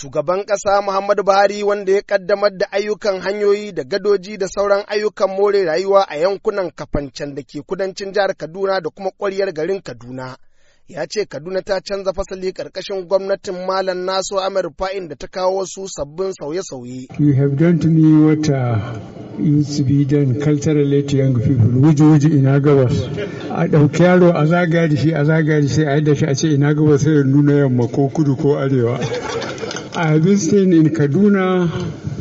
shugaban ƙasa Muhammadu Buhari wanda ya ƙaddamar da ayyukan hanyoyi da gadoji da sauran ayyukan more rayuwa a yankunan kafancan da ke kudancin jihar Kaduna da kuma ƙwaryar garin Kaduna. Ya ce Kaduna ta canza fasali ƙarƙashin gwamnatin Malam Naso Amir Fa'in da ta kawo wasu sabbin sauye-sauye. You have done to me what uh, used to be done culturally to young people, wuji-wuji ina gabas. A ɗauki yaro a zagaya da shi a zagaya da shi a yadda shi a ce ina gabas sai nuna yamma ko kudu ko arewa. in Kaduna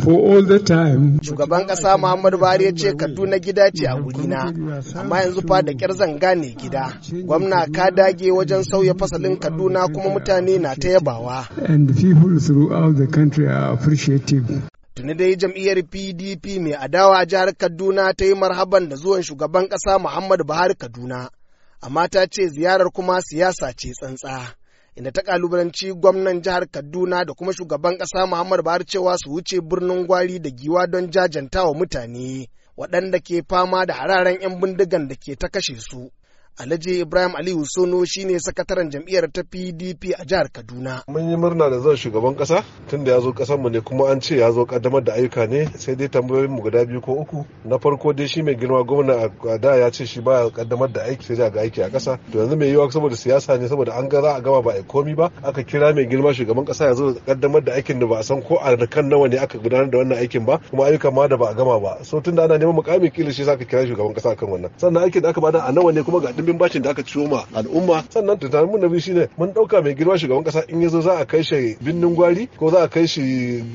for all the time. Shugaban ƙasa Muhammadu Buhari ya ce Kaduna gida ce a wurina, amma yanzu fa da ƙyar zanga ne gida. Gwamna ka dage wajen sauya fasalin Kaduna kuma mutane na ta yabawa. And people throughout the country are appreciative. tuni dai jam'iyyar pdp mai adawa a jihar kaduna ta yi marhaban da zuwan shugaban ƙasa muhammadu buhari kaduna amma ta ce ziyarar kuma siyasa ce tsantsa inda ta kalubalanci gwamnan jihar Kaduna da kuma shugaban ƙasa Muhammadu Buhari cewa su wuce birnin Gwari da Giwa don jajanta wa mutane waɗanda ke fama da hararen 'yan bindigan da ke ta kashe su. Alhaji Ibrahim Aliyu Sono shine sakataren jam'iyyar ta PDP a jihar Kaduna. Mun yi murna da zan shugaban kasa tunda ya zo kasar mu ne kuma an ce ya zo kaddamar da ayyuka ne sai dai tambayoyin mu guda biyu ko uku. Na farko dai shi mai girma gwamna a da ya ce shi baya kaddamar da aiki sai ga aiki a kasa. To yanzu mai yiwa saboda siyasa ne saboda an ga za a gama ba a komi ba aka kira mai girma shugaban kasa ya zo kaddamar da aikin da ba a san ko a kan nawa ne aka gudanar da wannan aikin ba kuma ayyuka ma da ba a gama ba. So tunda ana neman mukamin kila shi sa ka kira shugaban kasa kan wannan. Sannan aikin da aka bada a nawa ne kuma ga kambin bacin da aka ciwo ma al'umma sannan tunanin mu na biyu shine mun dauka mai girma shugaban kasa in yazo za a kai shi binnin gwari ko za a kai shi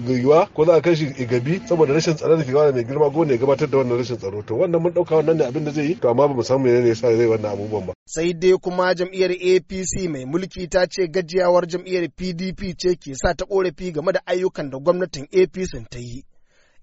gwiwa ko za a kai shi igabi saboda rashin tsaro da kiwa mai girma gone gabatar da wannan rashin tsaro to wannan mun dauka wannan ne abin da zai yi to amma ba mu san menene yasa zai wannan abubuwan ba sai dai kuma jam'iyyar APC mai mulki ta ce gajiyawar jam'iyyar PDP ce ke sa ta korafi game da ayyukan da gwamnatin APC ta yi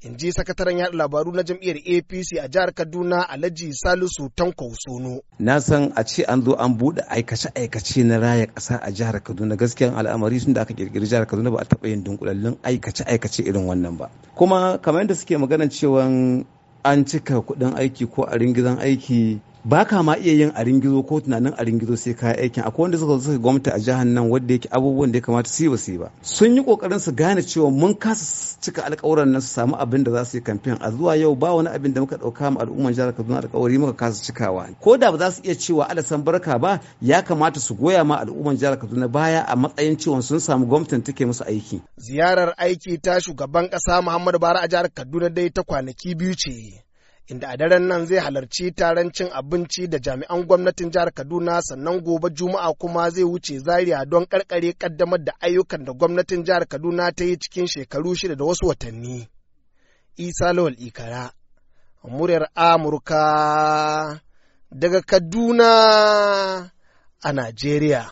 in ji sakataren yaɗa labaru na jam'iyyar apc a jihar kaduna alhaji salisu tanko sono na san a ce an zo an buɗe aikace-aikace na raya ƙasa a jihar kaduna gaskiyan al'amari sun da aka ƙirƙiri jihar kaduna ba a taɓa yin dunkulallun aikace-aikace irin wannan ba kuma kamar yadda suke magana cewa an cika kuɗin aiki ko a ringizan aiki ba ka ma iya yin arin gizo ko tunanin arin gizo sai ka aikin akwai wanda suka suka gwamnati a jihar nan wanda yake abubuwan da ya kamata su yi ba su yi ba sun yi kokarin su gane cewa mun kasa cika alƙawuran nan su samu abin da za su yi kamfen a zuwa yau ba wani abin da muka ɗauka ma al'umman jihar Kaduna alkawari muka kasa cikawa ko da ba za su iya cewa alasan barka ba ya kamata su goya ma al'umman jihar Kaduna baya a matsayin cewa sun samu gwamnatin take musu aiki ziyarar aiki ta shugaban ƙasa Muhammadu bara a jihar Kaduna dai ta kwanaki biyu ce inda a daren nan zai halarci taron cin abinci da jami'an gwamnatin jihar Kaduna sannan gobe Juma'a kuma zai wuce Zaria don karkare kaddamar da ayyukan da gwamnatin jihar Kaduna ta yi cikin shekaru shida da wasu watanni. Isa Lawal Ikara, muryar Amurka daga Kaduna a Najeriya.